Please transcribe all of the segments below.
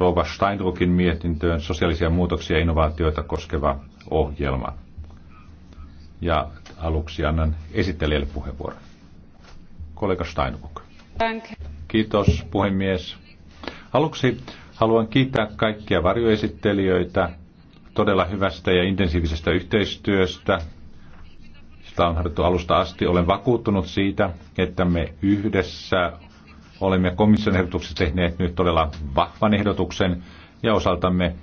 Rova Steinruckin mietintöön sosiaalisia muutoksia ja innovaatioita koskeva ohjelma. Ja aluksi annan esittelijälle puheenvuoron. Kollega Steinruck. Kiitos puhemies. Aluksi haluan kiittää kaikkia varjoesittelijöitä todella hyvästä ja intensiivisestä yhteistyöstä. Sitä on harjoittu alusta asti. Olen vakuuttunut siitä, että me yhdessä Olemme komission ehdotuksessa tehneet nyt todella vahvan ehdotuksen ja osaltamme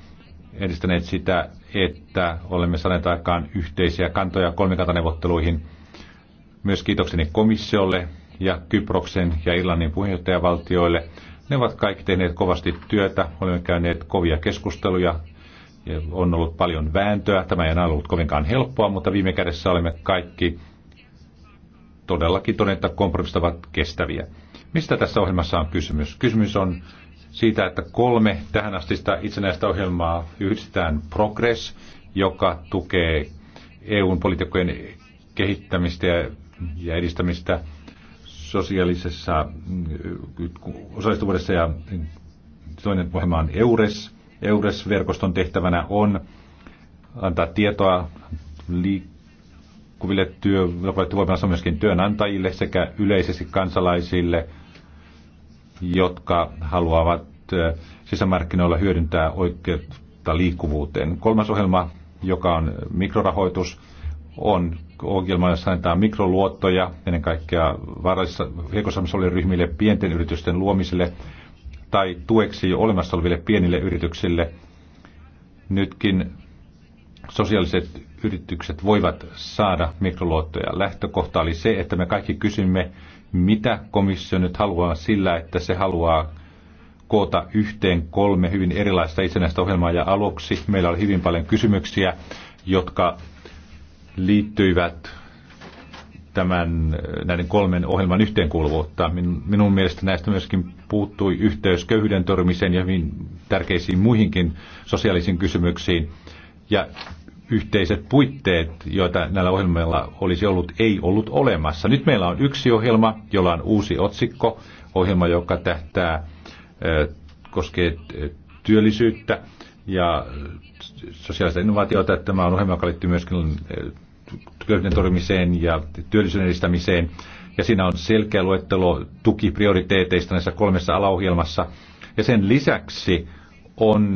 edistäneet sitä, että olemme saaneet aikaan yhteisiä kantoja kolmikantaneuvotteluihin. Myös kiitokseni komissiolle ja Kyproksen ja Irlannin puheenjohtajavaltioille. Ne ovat kaikki tehneet kovasti työtä, olemme käyneet kovia keskusteluja, on ollut paljon vääntöä. Tämä ei ole ollut kovinkaan helppoa, mutta viime kädessä olemme kaikki todellakin todenneet, että kompromissit ovat kestäviä. Mistä tässä ohjelmassa on kysymys? Kysymys on siitä, että kolme tähän astista itsenäistä ohjelmaa yhdistetään Progress, joka tukee EUn poliitikkojen kehittämistä ja edistämistä sosiaalisessa osallistuvuudessa ja toinen ohjelma on EURES. EURES-verkoston tehtävänä on antaa tietoa liikkuville työvoimassa myöskin työnantajille sekä yleisesti kansalaisille – jotka haluavat sisämarkkinoilla hyödyntää oikeutta liikkuvuuteen. Kolmas ohjelma, joka on mikrorahoitus, on ohjelma, jossa annetaan mikroluottoja ennen kaikkea varallisissa heikossa ryhmille, pienten yritysten luomiselle tai tueksi jo olemassa oleville pienille yrityksille. Nytkin sosiaaliset yritykset voivat saada mikroluottoja. Lähtökohta oli se, että me kaikki kysymme mitä komissio nyt haluaa sillä, että se haluaa koota yhteen kolme hyvin erilaista itsenäistä ohjelmaa. Ja aluksi meillä oli hyvin paljon kysymyksiä, jotka liittyivät tämän, näiden kolmen ohjelman yhteenkuuluvuutta. Minun, mielestä näistä myöskin puuttui yhteys köyhyyden torjumiseen ja hyvin tärkeisiin muihinkin sosiaalisiin kysymyksiin. Ja yhteiset puitteet, joita näillä ohjelmilla olisi ollut, ei ollut olemassa. Nyt meillä on yksi ohjelma, jolla on uusi otsikko, ohjelma, joka tähtää, koskee työllisyyttä ja sosiaalista innovaatiota. Tämä on ohjelma, joka liittyy myöskin köyhyyden torjumiseen ja työllisyyden edistämiseen. Ja siinä on selkeä luettelo tukiprioriteeteista näissä kolmessa alaohjelmassa. Ja sen lisäksi on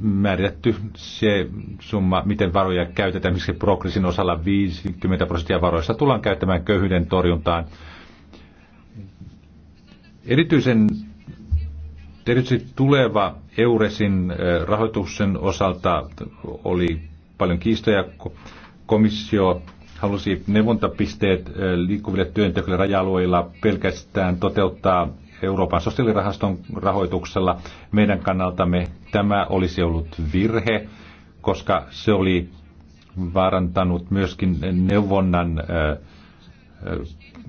määritetty se summa, miten varoja käytetään. Esimerkiksi progressin osalla 50 prosenttia varoista tullaan käyttämään köyhyyden torjuntaan. Erityisen Tietysti tuleva Euresin rahoituksen osalta oli paljon kiistoja. Komissio halusi neuvontapisteet liikkuville työntekijöille raja-alueilla pelkästään toteuttaa Euroopan sosiaalirahaston rahoituksella. Meidän kannaltamme tämä olisi ollut virhe, koska se oli vaarantanut myöskin neuvonnan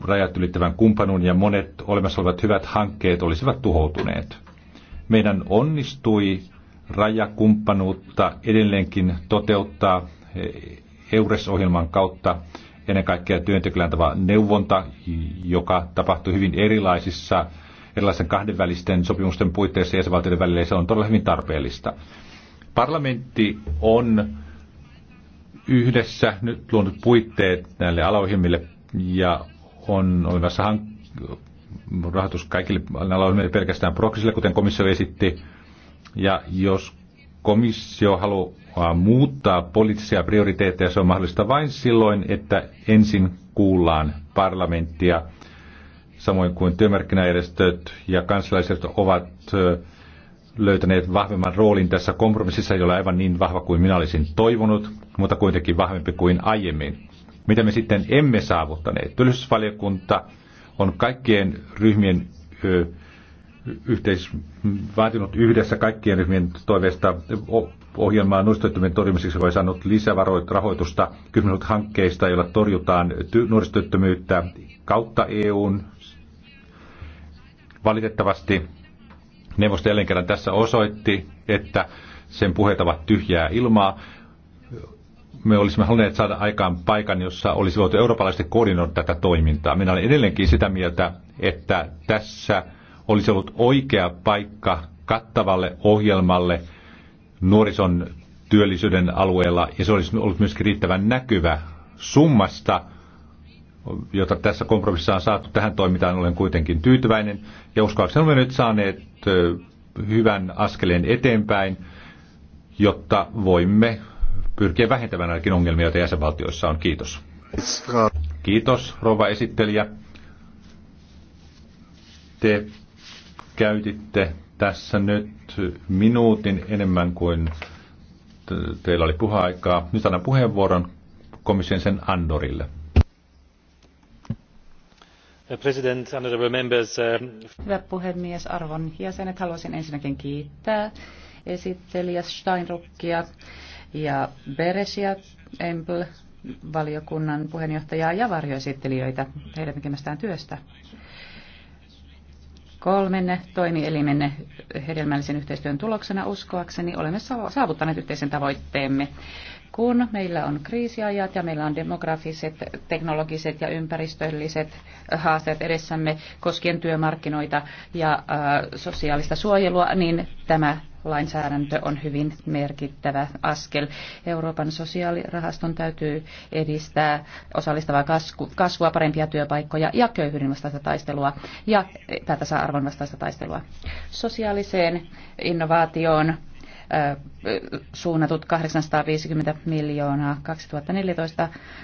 rajat ylittävän kumppanun ja monet olemassa olevat hyvät hankkeet olisivat tuhoutuneet. Meidän onnistui rajakumppanuutta edelleenkin toteuttaa e, EURES-ohjelman kautta ennen kaikkea työntekijän neuvonta, joka tapahtui hyvin erilaisissa erilaisten kahdenvälisten sopimusten puitteissa jäsenvaltioiden välillä, se on todella hyvin tarpeellista. Parlamentti on yhdessä nyt luonut puitteet näille alaohjelmille ja on olemassa hank- rahoitus kaikille alaohjelmille pelkästään proksille, kuten komissio esitti. Ja jos komissio haluaa muuttaa poliittisia prioriteetteja, se on mahdollista vain silloin, että ensin kuullaan parlamenttia samoin kuin työmarkkinajärjestöt ja kansalaiset ovat löytäneet vahvemman roolin tässä kompromississa, jolla aivan niin vahva kuin minä olisin toivonut, mutta kuitenkin vahvempi kuin aiemmin. Mitä me sitten emme saavuttaneet? Työllisyysvaliokunta on kaikkien ryhmien yhteis, vaatinut yhdessä kaikkien ryhmien toiveesta ohjelmaa nuorisotyöttömyyden torjumiseksi, vai saanut lisärahoitusta kymmeniltä hankkeista, joilla torjutaan ty- nuorisotyöttömyyttä kautta EUn. Valitettavasti neuvosto jälleen kerran tässä osoitti, että sen puheet ovat tyhjää ilmaa. Me olisimme halunneet saada aikaan paikan, jossa olisi voitu eurooppalaisesti koordinoida tätä toimintaa. Minä olen edelleenkin sitä mieltä, että tässä – olisi ollut oikea paikka kattavalle ohjelmalle nuorison työllisyyden alueella, ja se olisi ollut myöskin riittävän näkyvä summasta, jota tässä kompromississa on saatu tähän toimintaan, olen kuitenkin tyytyväinen. Ja uskoakseni olemme nyt saaneet hyvän askeleen eteenpäin, jotta voimme pyrkiä vähentämään ainakin ongelmia, joita jäsenvaltioissa on. Kiitos. Kiitos, rouva esittelijä. Te käytitte tässä nyt minuutin enemmän kuin teillä oli puheaikaa. Nyt annan puheenvuoron komission sen Andorille. Äh, Hyvä puhemies, arvon jäsenet, haluaisin ensinnäkin kiittää esittelijä Steinruckia ja Beresia Empl valiokunnan puheenjohtajaa ja varjoesittelijöitä heidän tekemästään työstä. Kolmen toimielimen hedelmällisen yhteistyön tuloksena uskoakseni olemme saavuttaneet yhteisen tavoitteemme. Kun meillä on kriisiajat ja meillä on demografiset, teknologiset ja ympäristölliset haasteet edessämme koskien työmarkkinoita ja sosiaalista suojelua, niin tämä lainsäädäntö on hyvin merkittävä askel. Euroopan sosiaalirahaston täytyy edistää osallistavaa kasvua, parempia työpaikkoja ja köyhyyden vastaista taistelua ja tasa-arvon vastaista taistelua. Sosiaaliseen innovaatioon suunnatut 850 miljoonaa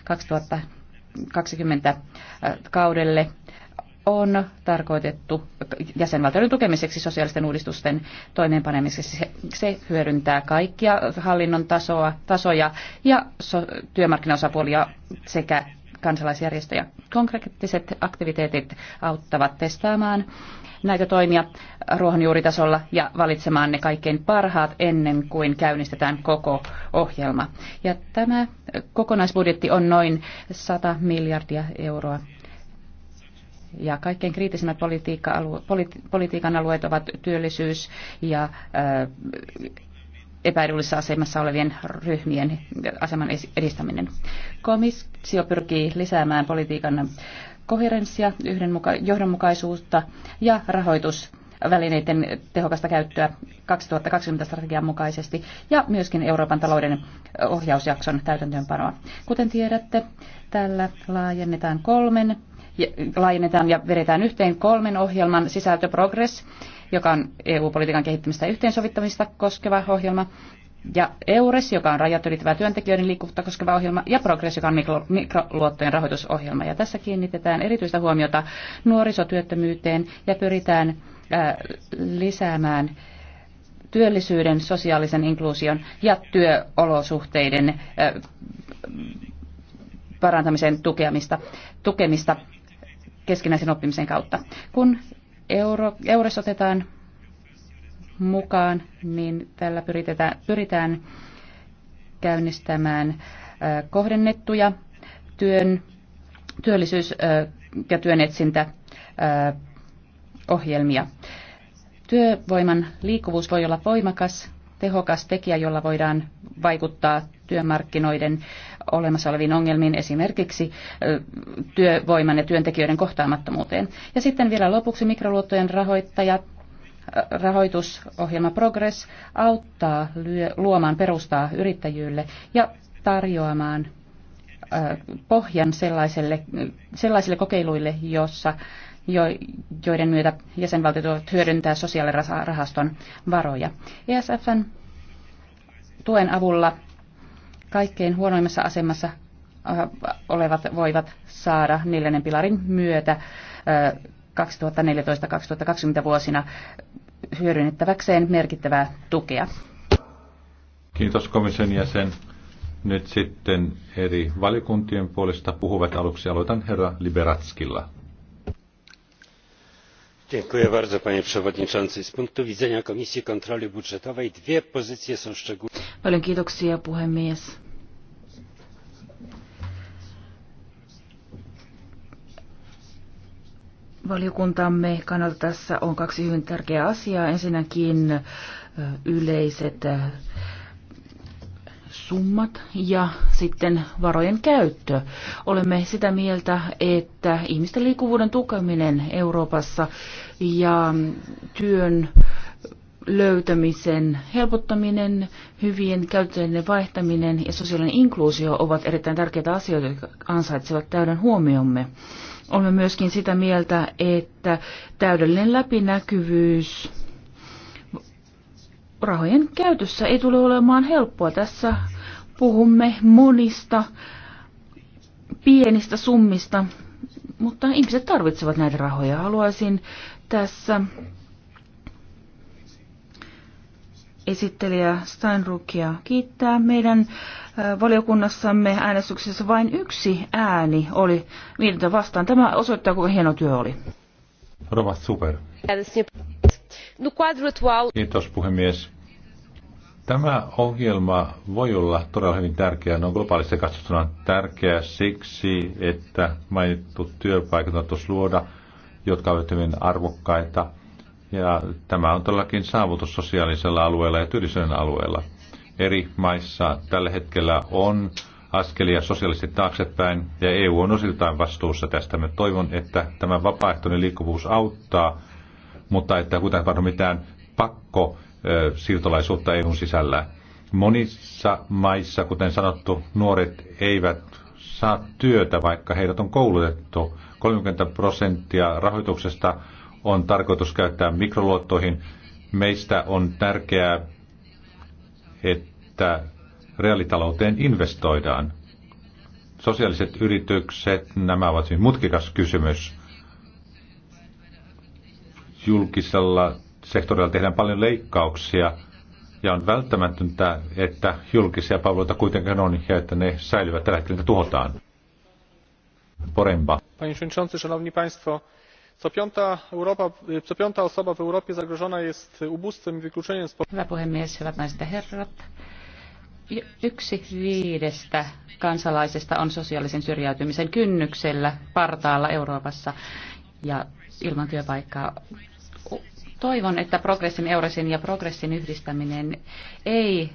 2014-2020 kaudelle on tarkoitettu jäsenvaltioiden tukemiseksi sosiaalisten uudistusten toimeenpanemiseksi. Se, hyödyntää kaikkia hallinnon tasoa, tasoja ja so, työmarkkinaosapuolia sekä kansalaisjärjestöjä. Konkreettiset aktiviteetit auttavat testaamaan näitä toimia ruohonjuuritasolla ja valitsemaan ne kaikkein parhaat ennen kuin käynnistetään koko ohjelma. Ja tämä kokonaisbudjetti on noin 100 miljardia euroa ja kaikkein kriittisimmät politiikan alueet ovat työllisyys ja epäedullisessa asemassa olevien ryhmien aseman edistäminen. Komissio pyrkii lisäämään politiikan koherenssia, yhdenmuka- johdonmukaisuutta ja rahoitusvälineiden tehokasta käyttöä 2020 strategian mukaisesti ja myöskin Euroopan talouden ohjausjakson täytäntöönpanoa. Kuten tiedätte, tällä laajennetaan kolmen laajennetaan ja vedetään yhteen kolmen ohjelman sisältö Progress, joka on EU-politiikan kehittämistä ja yhteensovittamista koskeva ohjelma, ja EURES, joka on rajat ylittävää työntekijöiden liikkuvuutta koskeva ohjelma, ja PROGRESS, joka on mikro, mikroluottojen rahoitusohjelma. Ja tässä kiinnitetään erityistä huomiota nuorisotyöttömyyteen ja pyritään ää, lisäämään työllisyyden, sosiaalisen inkluusion ja työolosuhteiden ää, parantamisen tukemista, tukemista keskinäisen oppimisen kautta. Kun euro, eures otetaan mukaan, niin tällä pyritetään, pyritään käynnistämään kohdennettuja työn, työllisyys- ja työnetsintäohjelmia. Työvoiman liikkuvuus voi olla voimakas, tehokas tekijä, jolla voidaan vaikuttaa työmarkkinoiden olemassa oleviin ongelmiin, esimerkiksi työvoiman ja työntekijöiden kohtaamattomuuteen. Ja sitten vielä lopuksi mikroluottojen rahoittajat rahoitusohjelma Progress auttaa luomaan perustaa yrittäjyylle ja tarjoamaan pohjan sellaiselle, sellaisille kokeiluille, jossa, jo, joiden myötä jäsenvaltiot hyödyntää sosiaalirahaston varoja. ESFn tuen avulla kaikkein huonoimmassa asemassa äh, olevat voivat saada neljännen pilarin myötä 2014-2020 äh, vuosina hyödynnettäväkseen merkittävää tukea. Kiitos komission jäsen. Nyt sitten eri valiokuntien puolesta puhuvat aluksi. Aloitan herra Liberatskilla panie przewodniczący! z punktu widzenia komisji kontroli budżetowej dwie pozycje są szczególnie. valiokuntamme kannalta tässä on kaksi hyvin tärkeää asiaa. ensinnäkin yleiset summat ja sitten varojen käyttö. Olemme sitä mieltä, että ihmisten liikkuvuuden tukeminen Euroopassa ja työn löytämisen helpottaminen, hyvien käyttäjien vaihtaminen ja sosiaalinen inkluusio ovat erittäin tärkeitä asioita, jotka ansaitsevat täyden huomiomme. Olemme myöskin sitä mieltä, että täydellinen läpinäkyvyys rahojen käytössä ei tule olemaan helppoa. Tässä puhumme monista pienistä summista, mutta ihmiset tarvitsevat näitä rahoja. Haluaisin tässä esittelijä Steinrukia kiittää. Meidän valiokunnassamme äänestyksessä vain yksi ääni oli mietintä vastaan. Tämä osoittaa, kuinka hieno työ oli. Rova Super. No Kiitos puhemies. Tämä ohjelma voi olla todella hyvin tärkeä. no on globaalisti katsottuna tärkeä siksi, että mainittu työpaikat on luoda, jotka ovat hyvin arvokkaita. Ja tämä on todellakin saavutus sosiaalisella alueella ja työllisyyden alueella. Eri maissa tällä hetkellä on askelia sosiaalisesti taaksepäin, ja EU on osiltaan vastuussa tästä. Me toivon, että tämä vapaaehtoinen liikkuvuus auttaa mutta että kuitenkaan tapahdu mitään pakko siirtolaisuutta EUn sisällä. Monissa maissa, kuten sanottu, nuoret eivät saa työtä, vaikka heidät on koulutettu. 30 prosenttia rahoituksesta on tarkoitus käyttää mikroluottoihin. Meistä on tärkeää, että reaalitalouteen investoidaan. Sosiaaliset yritykset, nämä ovat hyvin siis mutkikas kysymys julkisella sektorilla tehdään paljon leikkauksia ja on välttämätöntä, että julkisia palveluita kuitenkin on ja että ne säilyvät tällä hetkellä, tuhotaan. Poremba. Panie przewodniczący, szanowni państwo, co piąta, Europa, co piąta osoba w Europie zagrożona jest ubóstwem i wykluczeniem społecznym. Hyvä puhemies, hyvät naiset ja herrat. Yksi viidestä kansalaisesta on sosiaalisen syrjäytymisen kynnyksellä partaalla Euroopassa. Ja ilman työpaikkaa. Toivon, että progressin eurosin ja progressin yhdistäminen ei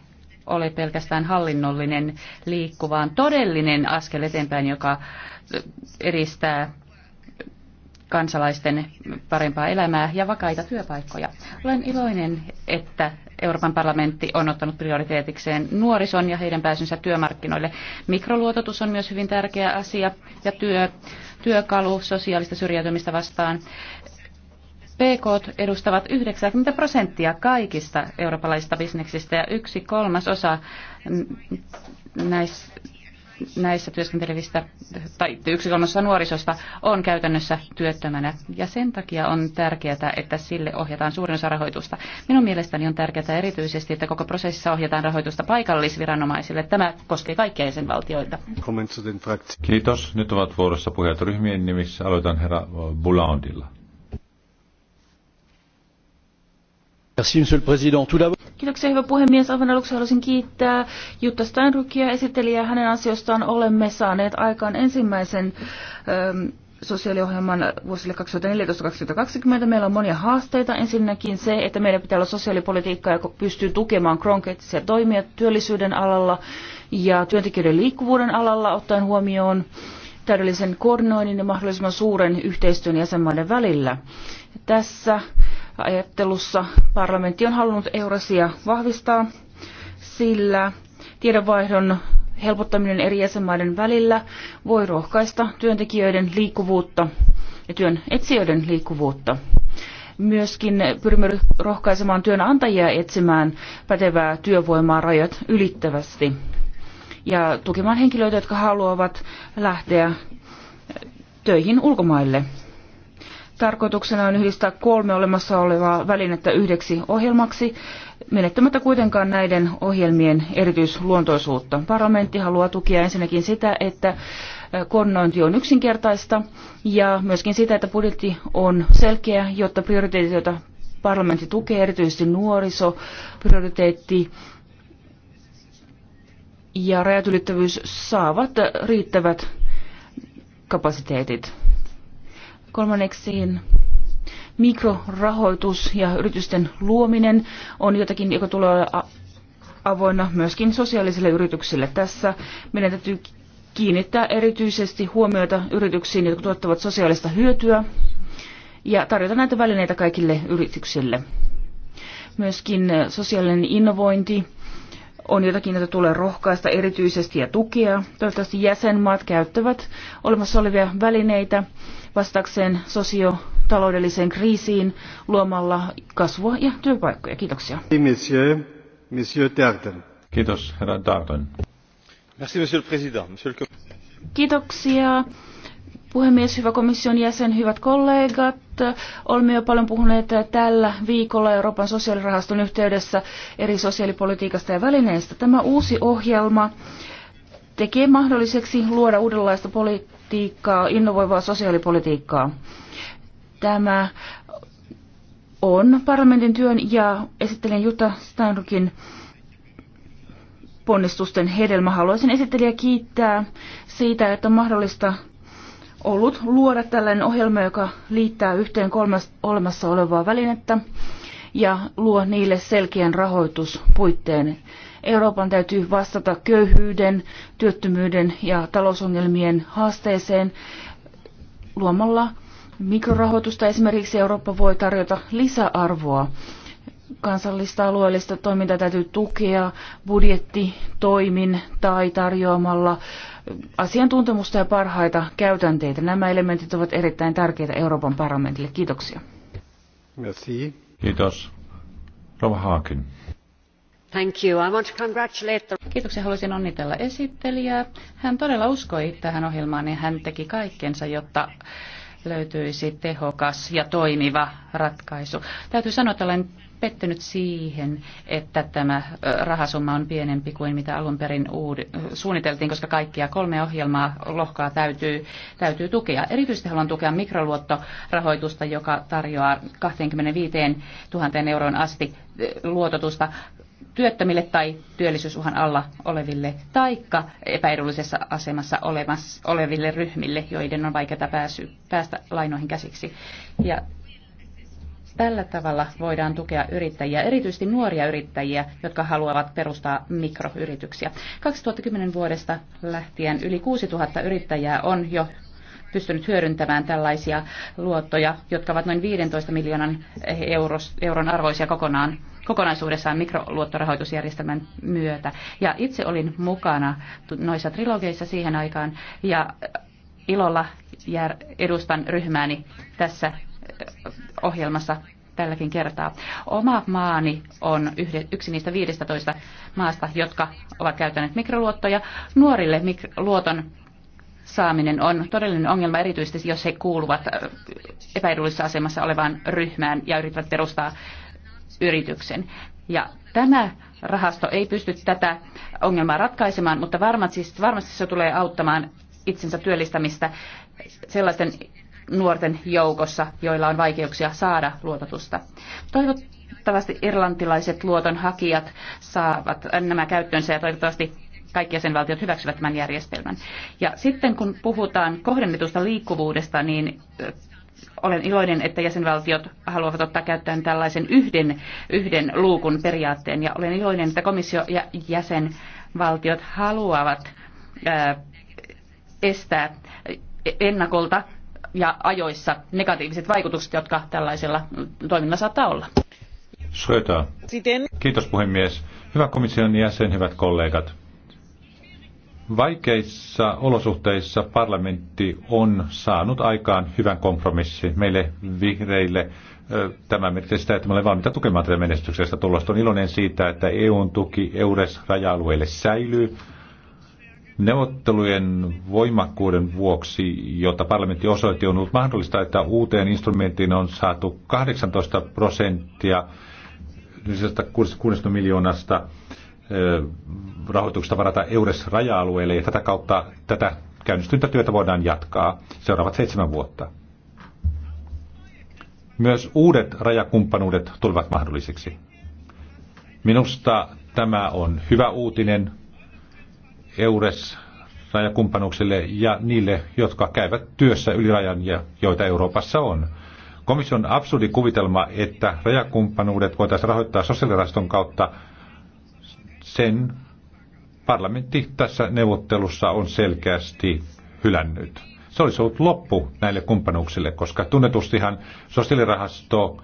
ole pelkästään hallinnollinen liikku, vaan todellinen askel eteenpäin, joka edistää kansalaisten parempaa elämää ja vakaita työpaikkoja. Olen iloinen, että Euroopan parlamentti on ottanut prioriteetikseen nuorison ja heidän pääsynsä työmarkkinoille. Mikroluototus on myös hyvin tärkeä asia ja työ, työkalu sosiaalista syrjäytymistä vastaan. PK edustavat 90 prosenttia kaikista eurooppalaisista bisneksistä ja yksi kolmas osa näistä näissä työskentelevistä tai yksi nuorisosta on käytännössä työttömänä ja sen takia on tärkeää, että sille ohjataan suurin osa rahoitusta. Minun mielestäni on tärkeää erityisesti, että koko prosessissa ohjataan rahoitusta paikallisviranomaisille. Tämä koskee kaikkia jäsenvaltioita. Kiitos. Nyt ovat vuorossa puheet ryhmien nimissä. Aloitan herra Bulandilla. Kiitoksia hyvä puhemies. Aivan aluksi haluaisin kiittää Jutta Steinrukia esittelijää Hänen ansiostaan olemme saaneet aikaan ensimmäisen ähm, sosiaaliohjelman vuosille 2014-2020. Meillä on monia haasteita. Ensinnäkin se, että meidän pitää olla sosiaalipolitiikkaa, joka pystyy tukemaan konkreettisia toimia työllisyyden alalla ja työntekijöiden liikkuvuuden alalla ottaen huomioon täydellisen koordinoinnin ja mahdollisimman suuren yhteistyön jäsenmaiden välillä. Tässä ajattelussa parlamentti on halunnut Eurasia vahvistaa, sillä tiedonvaihdon helpottaminen eri jäsenmaiden välillä voi rohkaista työntekijöiden liikkuvuutta ja työn etsijöiden liikkuvuutta. Myöskin pyrimme rohkaisemaan työnantajia etsimään pätevää työvoimaa rajat ylittävästi ja tukemaan henkilöitä, jotka haluavat lähteä töihin ulkomaille. Tarkoituksena on yhdistää kolme olemassa olevaa välinettä yhdeksi ohjelmaksi, menettämättä kuitenkaan näiden ohjelmien erityisluontoisuutta. Parlamentti haluaa tukea ensinnäkin sitä, että äh, koordinointi on yksinkertaista ja myöskin sitä, että budjetti on selkeä, jotta prioriteetit, joita parlamentti tukee, erityisesti nuoriso, prioriteetti ja rajatylittävyys saavat riittävät kapasiteetit. Kolmanneksiin mikrorahoitus ja yritysten luominen on jotakin, joka tulee avoinna myöskin sosiaalisille yrityksille. Tässä meidän täytyy kiinnittää erityisesti huomiota yrityksiin, jotka tuottavat sosiaalista hyötyä ja tarjota näitä välineitä kaikille yrityksille. Myöskin sosiaalinen innovointi on jotakin, jota tulee rohkaista erityisesti ja tukea. Toivottavasti jäsenmaat käyttävät olemassa olevia välineitä vastakseen sosiotaloudelliseen kriisiin luomalla kasvua ja työpaikkoja. Kiitoksia. Monsieur, monsieur Kiitos, herra Darden. Merci, monsieur le président. Monsieur le... Kiitoksia. Puhemies, hyvä komission jäsen, hyvät kollegat. Olemme jo paljon puhuneet tällä viikolla Euroopan sosiaalirahaston yhteydessä eri sosiaalipolitiikasta ja välineistä. Tämä uusi ohjelma tekee mahdolliseksi luoda uudenlaista politiikkaa, innovoivaa sosiaalipolitiikkaa. Tämä on parlamentin työn ja esittelijän Jutta Steinrukin ponnistusten hedelmä. Haluaisin esittelijä kiittää siitä, että on mahdollista ollut luoda tällainen ohjelma, joka liittää yhteen kolmas olemassa olevaa välinettä ja luo niille selkeän rahoituspuitteen. Euroopan täytyy vastata köyhyyden, työttömyyden ja talousongelmien haasteeseen luomalla mikrorahoitusta. Esimerkiksi Eurooppa voi tarjota lisäarvoa. Kansallista alueellista toimintaa täytyy tukea budjettitoimin tai tarjoamalla asiantuntemusta ja parhaita käytänteitä. Nämä elementit ovat erittäin tärkeitä Euroopan parlamentille. Kiitoksia. Merci. Kiitos. Rova Haakin. Kiitoksia. Haluaisin onnitella esittelijää. Hän todella uskoi tähän ohjelmaan ja hän teki kaikkensa, jotta löytyisi tehokas ja toimiva ratkaisu. Täytyy sanoa, että olen pettynyt siihen, että tämä rahasumma on pienempi kuin mitä alun perin suunniteltiin, koska kaikkia kolme ohjelmaa lohkaa täytyy, täytyy tukea. Erityisesti haluan tukea mikroluottorahoitusta, joka tarjoaa 25 000 euroon asti luototusta työttömille tai työllisyysuhan alla oleville taikka epäedullisessa asemassa oleville ryhmille, joiden on vaikeaa pääsy, päästä lainoihin käsiksi. Ja tällä tavalla voidaan tukea yrittäjiä, erityisesti nuoria yrittäjiä, jotka haluavat perustaa mikroyrityksiä. 2010 vuodesta lähtien yli 6000 yrittäjää on jo pystynyt hyödyntämään tällaisia luottoja, jotka ovat noin 15 miljoonan euros, euron arvoisia kokonaan kokonaisuudessaan mikroluottorahoitusjärjestelmän myötä. Ja itse olin mukana noissa trilogeissa siihen aikaan ja ilolla edustan ryhmääni tässä ohjelmassa tälläkin kertaa. Oma maani on yksi niistä 15 maasta, jotka ovat käyttäneet mikroluottoja. Nuorille luoton saaminen on todellinen ongelma, erityisesti jos he kuuluvat epäedullisessa asemassa olevaan ryhmään ja yrittävät perustaa yrityksen. Ja tämä rahasto ei pysty tätä ongelmaa ratkaisemaan, mutta varmasti, varmasti se tulee auttamaan itsensä työllistämistä sellaisten nuorten joukossa, joilla on vaikeuksia saada luototusta. Toivottavasti irlantilaiset luotonhakijat saavat nämä käyttöönsä ja toivottavasti kaikki jäsenvaltiot hyväksyvät tämän järjestelmän. Ja sitten kun puhutaan kohdennetusta liikkuvuudesta, niin olen iloinen, että jäsenvaltiot haluavat ottaa käyttöön tällaisen yhden, yhden luukun periaatteen. Ja olen iloinen, että komissio ja jäsenvaltiot haluavat ää, estää ennakolta ja ajoissa negatiiviset vaikutukset, jotka tällaisella toiminnalla saattaa olla. Sötä. Kiitos puhemies. Hyvä komission jäsen, hyvät kollegat. Vaikeissa olosuhteissa parlamentti on saanut aikaan hyvän kompromissin meille vihreille. Tämä merkitsee sitä, että me olemme valmiita tukemaan tätä menestyksestä tulosta. On iloinen siitä, että EUn tuki EURES-raja-alueelle säilyy. Neuvottelujen voimakkuuden vuoksi, jota parlamentti osoitti, on ollut mahdollista, että uuteen instrumenttiin on saatu 18 prosenttia 60 siis miljoonasta rahoituksesta varata EURES-raja-alueelle ja tätä kautta tätä käynnistyntä työtä voidaan jatkaa seuraavat seitsemän vuotta. Myös uudet rajakumppanuudet tulevat mahdollisiksi. Minusta tämä on hyvä uutinen EURES-rajakumppanuksille ja niille, jotka käyvät työssä yli rajan ja joita Euroopassa on. Komission absurdi kuvitelma, että rajakumppanuudet voitaisiin rahoittaa sosiaaliraston kautta, sen parlamentti tässä neuvottelussa on selkeästi hylännyt. Se olisi ollut loppu näille kumppanuuksille, koska tunnetustihan sosiaalirahasto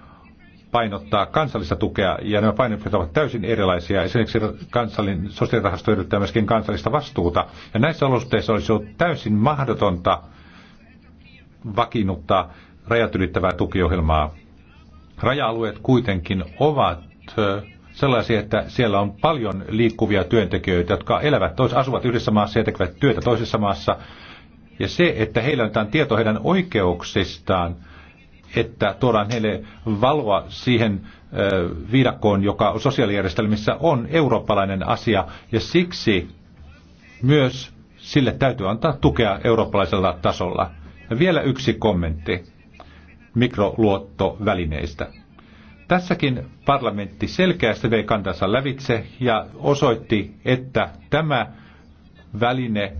painottaa kansallista tukea, ja nämä painotukset ovat täysin erilaisia. Esimerkiksi kansallinen sosiaalirahasto edellyttää myöskin kansallista vastuuta, ja näissä olosuhteissa olisi ollut täysin mahdotonta vakiinnuttaa rajat ylittävää tukiohjelmaa. Raja-alueet kuitenkin ovat sellaisia, että siellä on paljon liikkuvia työntekijöitä, jotka elävät, tois, asuvat yhdessä maassa ja tekevät työtä toisessa maassa. Ja se, että heillä on tieto heidän oikeuksistaan, että tuodaan heille valoa siihen viidakkoon, joka sosiaalijärjestelmissä on eurooppalainen asia, ja siksi myös sille täytyy antaa tukea eurooppalaisella tasolla. Ja vielä yksi kommentti mikroluottovälineistä. Tässäkin parlamentti selkeästi vei kantansa lävitse ja osoitti, että tämä väline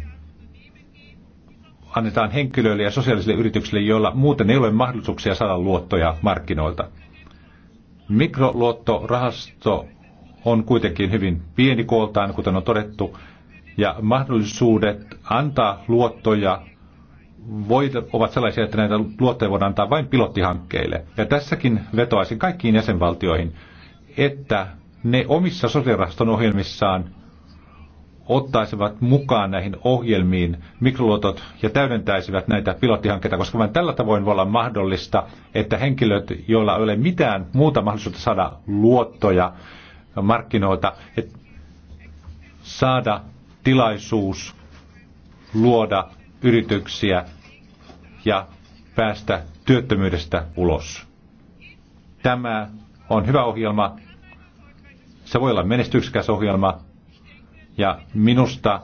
annetaan henkilöille ja sosiaalisille yrityksille, joilla muuten ei ole mahdollisuuksia saada luottoja markkinoilta. Mikroluottorahasto on kuitenkin hyvin pieni kooltaan, kuten on todettu, ja mahdollisuudet antaa luottoja voida, ovat sellaisia, että näitä luottoja voidaan antaa vain pilottihankkeille. Ja tässäkin vetoaisin kaikkiin jäsenvaltioihin, että ne omissa sosiaalirahaston ohjelmissaan ottaisivat mukaan näihin ohjelmiin mikroluotot ja täydentäisivät näitä pilottihankkeita, koska vain tällä tavoin voi olla mahdollista, että henkilöt, joilla ei ole mitään muuta mahdollisuutta saada luottoja että saada tilaisuus luoda yrityksiä ja päästä työttömyydestä ulos. Tämä on hyvä ohjelma. Se voi olla menestyksekäs ohjelma. Ja minusta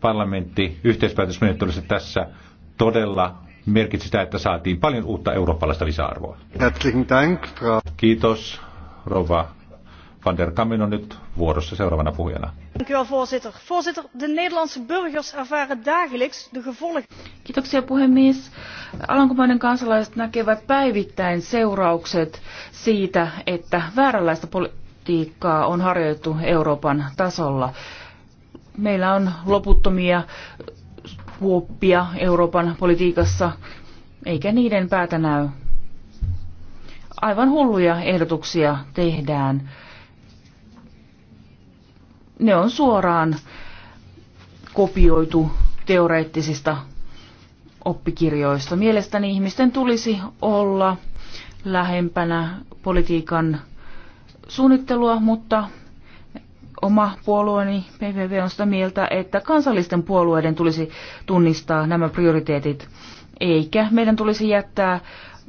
parlamentti yhteispäätösmenettelyssä tässä todella merkitsi sitä, että saatiin paljon uutta eurooppalaista lisäarvoa. Kiitos, rouva Van der Kammen on nyt vuorossa seuraavana puhujana. Kiitoksia puhemies. Alankomainen kansalaiset näkevät päivittäin seuraukset siitä, että vääränlaista politiikkaa on harjoitettu Euroopan tasolla. Meillä on loputtomia huoppia Euroopan politiikassa, eikä niiden päätä näy. Aivan hulluja ehdotuksia tehdään ne on suoraan kopioitu teoreettisista oppikirjoista. Mielestäni ihmisten tulisi olla lähempänä politiikan suunnittelua, mutta oma puolueeni PVV on sitä mieltä, että kansallisten puolueiden tulisi tunnistaa nämä prioriteetit, eikä meidän tulisi jättää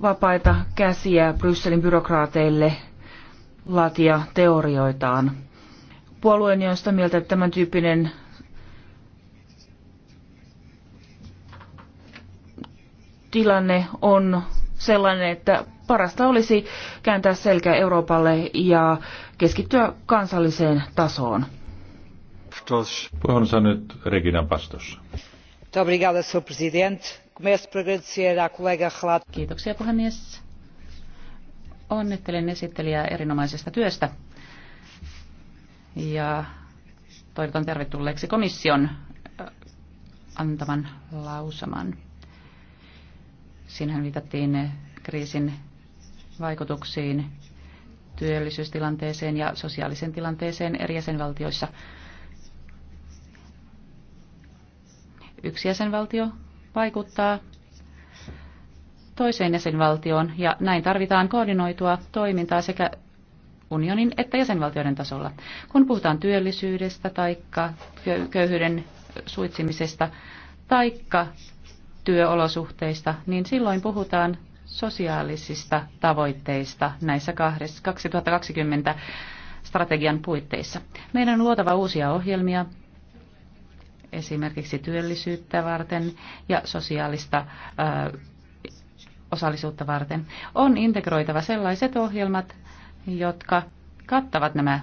vapaita käsiä Brysselin byrokraateille laatia teorioitaan puolueeni niin on sitä mieltä, että tämän tyyppinen tilanne on sellainen, että parasta olisi kääntää selkä Euroopalle ja keskittyä kansalliseen tasoon. Puheenvuoron nyt Regina Pastos. Kiitoksia puhemies. Onnittelen esittelijää erinomaisesta työstä ja toivotan tervetulleeksi komission äh, antaman lausaman. Siinähän viitattiin kriisin vaikutuksiin työllisyystilanteeseen ja sosiaaliseen tilanteeseen eri jäsenvaltioissa. Yksi jäsenvaltio vaikuttaa toiseen jäsenvaltioon ja näin tarvitaan koordinoitua toimintaa sekä unionin että jäsenvaltioiden tasolla. Kun puhutaan työllisyydestä tai köyhyyden suitsimisesta tai työolosuhteista, niin silloin puhutaan sosiaalisista tavoitteista näissä 2020 strategian puitteissa. Meidän on luotava uusia ohjelmia esimerkiksi työllisyyttä varten ja sosiaalista ö, osallisuutta varten. On integroitava sellaiset ohjelmat, jotka kattavat nämä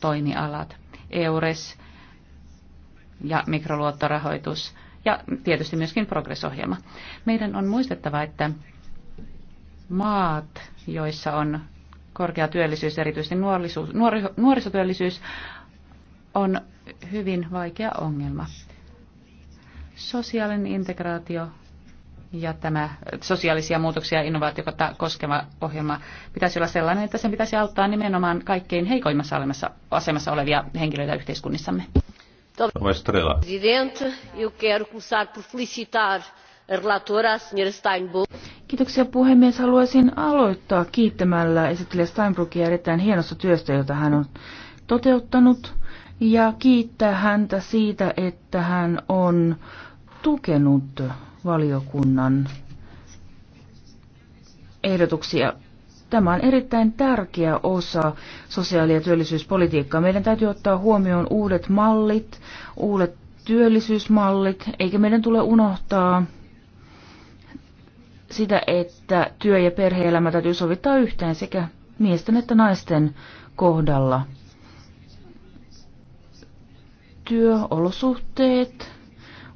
toimialat. EURES ja mikroluottorahoitus ja tietysti myöskin progressohjelma. Meidän on muistettava, että maat, joissa on korkea työllisyys, erityisesti nuori, nuorisotyöllisyys, on hyvin vaikea ongelma. Sosiaalinen integraatio ja tämä sosiaalisia muutoksia ja innovaatiota koskeva ohjelma pitäisi olla sellainen, että sen pitäisi auttaa nimenomaan kaikkein heikoimmassa asemassa, asemassa olevia henkilöitä yhteiskunnissamme. Kiitoksia puhemies. Haluaisin aloittaa kiittämällä esittelijä Steinbrugia erittäin hienosta työstä, jota hän on toteuttanut, ja kiittää häntä siitä, että hän on tukenut valiokunnan ehdotuksia. Tämä on erittäin tärkeä osa sosiaali- ja työllisyyspolitiikkaa. Meidän täytyy ottaa huomioon uudet mallit, uudet työllisyysmallit, eikä meidän tule unohtaa sitä, että työ- ja perhe-elämä täytyy sovittaa yhteen sekä miesten että naisten kohdalla. Työolosuhteet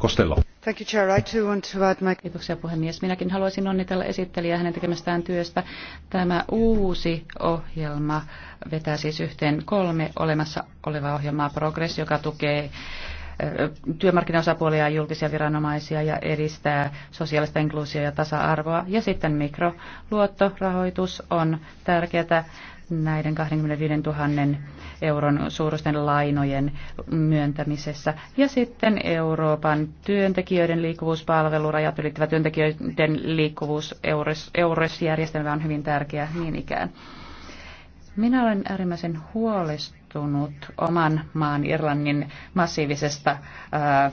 Costello. Kiitoksia puhemies. Minäkin haluaisin onnitella esittelijää hänen tekemästään työstä. Tämä uusi ohjelma vetää siis yhteen kolme olemassa olevaa ohjelmaa Progress, joka tukee eh, työmarkkinaosapuolia ja julkisia viranomaisia ja edistää sosiaalista inkluusiota ja tasa-arvoa. Ja sitten mikroluottorahoitus on tärkeää näiden 25 000 euron suuruisten lainojen myöntämisessä. Ja sitten Euroopan työntekijöiden liikkuvuuspalvelu, rajat ylittävä työntekijöiden liikkuvuus, EURES-järjestelmä on hyvin tärkeä niin ikään. Minä olen äärimmäisen huolestunut johtunut oman maan Irlannin massiivisesta ää,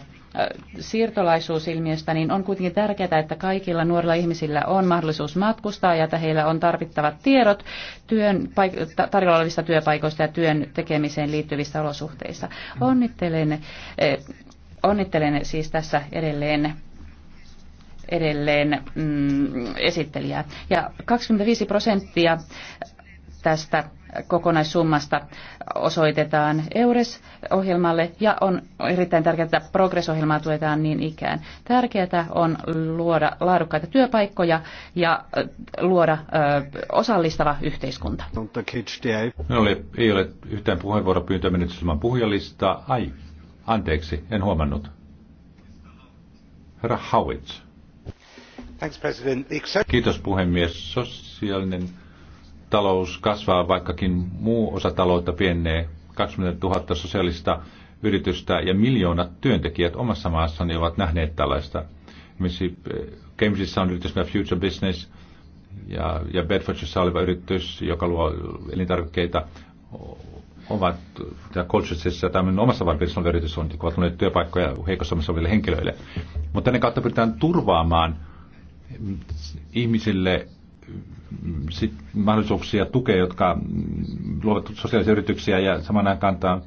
siirtolaisuusilmiöstä, niin on kuitenkin tärkeää, että kaikilla nuorilla ihmisillä on mahdollisuus matkustaa ja että heillä on tarvittavat tiedot työn, tarjolla olevista työpaikoista ja työn tekemiseen liittyvistä olosuhteista. Onnittelen, eh, onnittelen siis tässä edelleen edelleen mm, esittelijää. Ja 25 prosenttia tästä kokonaissummasta osoitetaan EURES-ohjelmalle ja on erittäin tärkeää, että progress-ohjelmaa tuetaan niin ikään. Tärkeää on luoda laadukkaita työpaikkoja ja luoda ö, osallistava yhteiskunta. No oli, ei ole yhtään puheenvuoropyyntöä mennyt ilman puhujalistaa. Ai, anteeksi, en huomannut. Herra Howitz. Kiitos puhemies. Sosiaalinen talous kasvaa, vaikkakin muu osa taloutta pienenee. 20 000 sosiaalista yritystä ja miljoonat työntekijät omassa maassani ovat nähneet tällaista. Esimerkiksi eh, Cambridgeissa on yritys Future Business ja, ja Bedfordshireissa oleva yritys, joka luo elintarvikkeita, ovat ja Colchesterissa tai minun omassa vaalipiirissä oleva yritys on, ovat luoneet työpaikkoja heikossa oleville henkilöille. Mutta ne kautta pyritään turvaamaan ihmisille sit mahdollisuuksia tukea, jotka luovat sosiaalisia yrityksiä ja saman aikaan kantaa,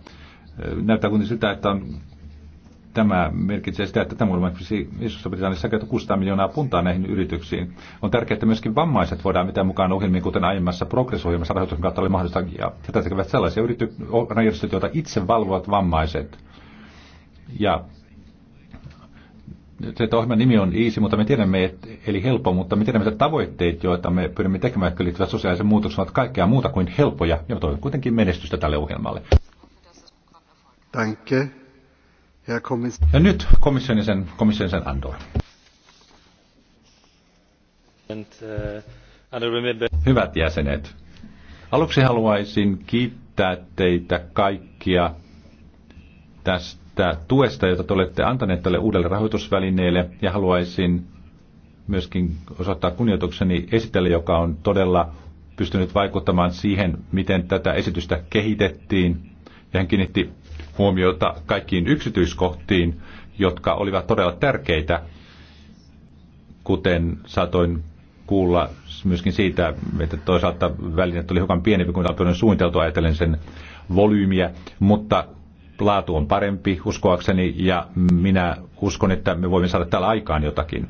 näyttää kuitenkin sitä, että on, tämä merkitsee sitä, että tämä on Isossa-Britanniassa käytetty 600 miljoonaa puntaa näihin yrityksiin. On tärkeää, että myöskin vammaiset voidaan mitään mukaan ohjelmiin, kuten aiemmassa progressohjelmassa rahoituksen kautta oli mahdollista. Ja tätä tekevät sellaisia yritykset, joita itse valvovat vammaiset. Ja se, ohjelman nimi on Easy, mutta me tiedämme, että, eli helppo, mutta me tiedämme, että tavoitteet, joita me pyrimme tekemään, jotka liittyvät sosiaalisen muutoksen, ovat kaikkea muuta kuin helppoja, ja toivon kuitenkin menestystä tälle ohjelmalle. Danke. Herr Kommissar. Ja nyt komissionisen, komissionisen Andor. And, uh, Hyvät jäsenet, aluksi haluaisin kiittää teitä kaikkia tästä tästä tuesta, jota te olette antaneet tälle uudelle rahoitusvälineelle ja haluaisin myöskin osoittaa kunnioitukseni esitelle, joka on todella pystynyt vaikuttamaan siihen, miten tätä esitystä kehitettiin. Ja hän kiinnitti huomiota kaikkiin yksityiskohtiin, jotka olivat todella tärkeitä, kuten saatoin kuulla myöskin siitä, että toisaalta välineet oli hiukan pienempi kuin alkuinen suunniteltu ajatellen sen volyymiä, mutta laatu on parempi, uskoakseni, ja minä uskon, että me voimme saada täällä aikaan jotakin.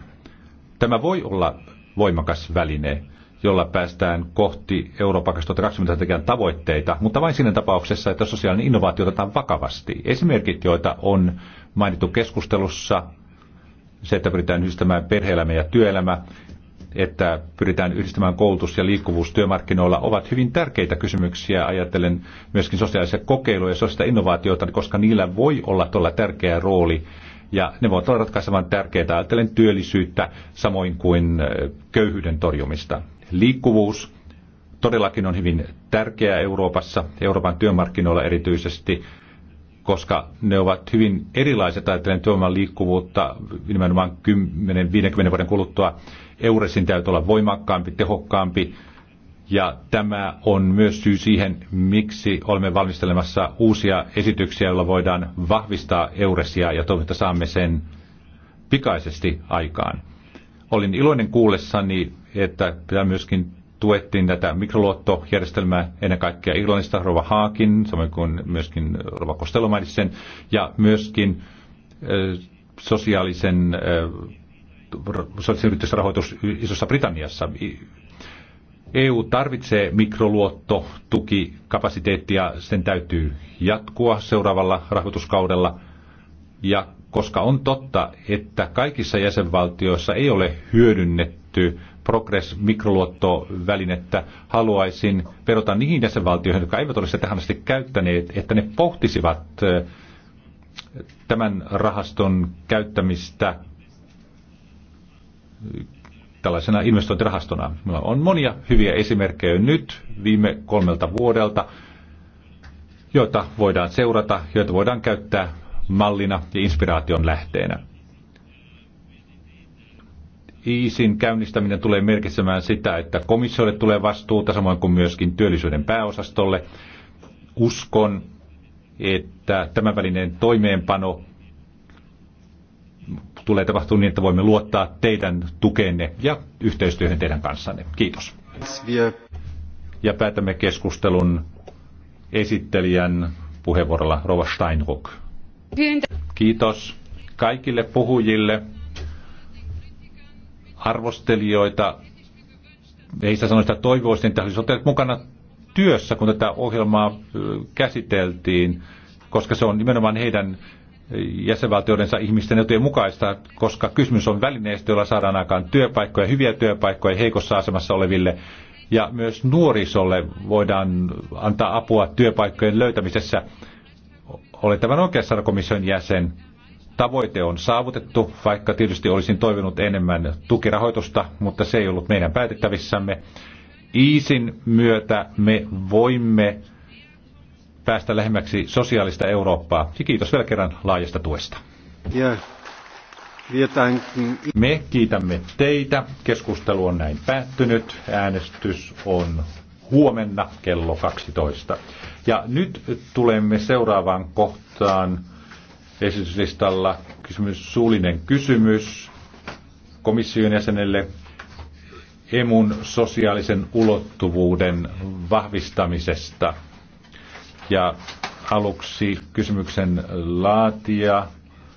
Tämä voi olla voimakas väline, jolla päästään kohti Euroopan 2020 strategian tavoitteita, mutta vain siinä tapauksessa, että sosiaalinen innovaatio otetaan vakavasti. Esimerkit, joita on mainittu keskustelussa, se, että pyritään yhdistämään perhe ja työelämä, että pyritään yhdistämään koulutus ja liikkuvuus työmarkkinoilla, ovat hyvin tärkeitä kysymyksiä. Ajattelen myöskin sosiaalisia kokeiluja ja sosiaalista innovaatioita, koska niillä voi olla todella tärkeä rooli ja ne voivat olla ratkaisevan tärkeitä. Ajattelen työllisyyttä samoin kuin köyhyyden torjumista. Liikkuvuus todellakin on hyvin tärkeää Euroopassa, Euroopan työmarkkinoilla erityisesti koska ne ovat hyvin erilaiset ajattelen työvoiman liikkuvuutta nimenomaan 10-50 vuoden kuluttua. Euresin täytyy olla voimakkaampi, tehokkaampi ja tämä on myös syy siihen, miksi olemme valmistelemassa uusia esityksiä, joilla voidaan vahvistaa Euresia ja toivottavasti saamme sen pikaisesti aikaan. Olin iloinen kuullessani, että pitää myöskin tuettiin tätä mikroluottojärjestelmää ennen kaikkea Irlannista, Rova Haakin, samoin kuin myöskin äh, Rova Costello sen, ja myöskin äh, sosiaalisen, äh, sosiaalisen yritysrahoitus Isossa Britanniassa. EU tarvitsee mikroluottotukikapasiteettia, sen täytyy jatkua seuraavalla rahoituskaudella. Ja koska on totta, että kaikissa jäsenvaltioissa ei ole hyödynnetty kehitetty Progress mikroluottovälinettä, haluaisin vedota niihin jäsenvaltioihin, jotka eivät ole sitä tähän asti käyttäneet, että ne pohtisivat eh, tämän rahaston käyttämistä eh, tällaisena investointirahastona. Meillä on monia hyviä esimerkkejä nyt viime kolmelta vuodelta, joita voidaan seurata, joita voidaan käyttää mallina ja inspiraation lähteenä. IISin käynnistäminen tulee merkitsemään sitä, että komissiolle tulee vastuuta, samoin kuin myöskin työllisyyden pääosastolle. Uskon, että tämän välinen toimeenpano tulee tapahtumaan niin, että voimme luottaa teidän tukeenne ja yhteistyöhön teidän kanssanne. Kiitos. Ja päätämme keskustelun esittelijän puheenvuorolla Rova Steinruck. Kiitos kaikille puhujille arvostelijoita, ei sitä sanoista toivoisin, että olisi olleet mukana työssä, kun tätä ohjelmaa käsiteltiin, koska se on nimenomaan heidän jäsenvaltioidensa ihmisten etujen mukaista, koska kysymys on välineistä, joilla saadaan aikaan työpaikkoja, hyviä työpaikkoja heikossa asemassa oleville. Ja myös nuorisolle voidaan antaa apua työpaikkojen löytämisessä. Olet tämän oikeassa komission jäsen. Tavoite on saavutettu, vaikka tietysti olisin toivonut enemmän tukirahoitusta, mutta se ei ollut meidän päätettävissämme. Iisin myötä me voimme päästä lähemmäksi sosiaalista Eurooppaa. Ja kiitos vielä kerran laajasta tuesta. Ja, me kiitämme teitä. Keskustelu on näin päättynyt. Äänestys on huomenna kello 12. Ja nyt tulemme seuraavaan kohtaan esityslistalla kysymys, suullinen kysymys komission jäsenelle emun sosiaalisen ulottuvuuden vahvistamisesta. Ja aluksi kysymyksen laatia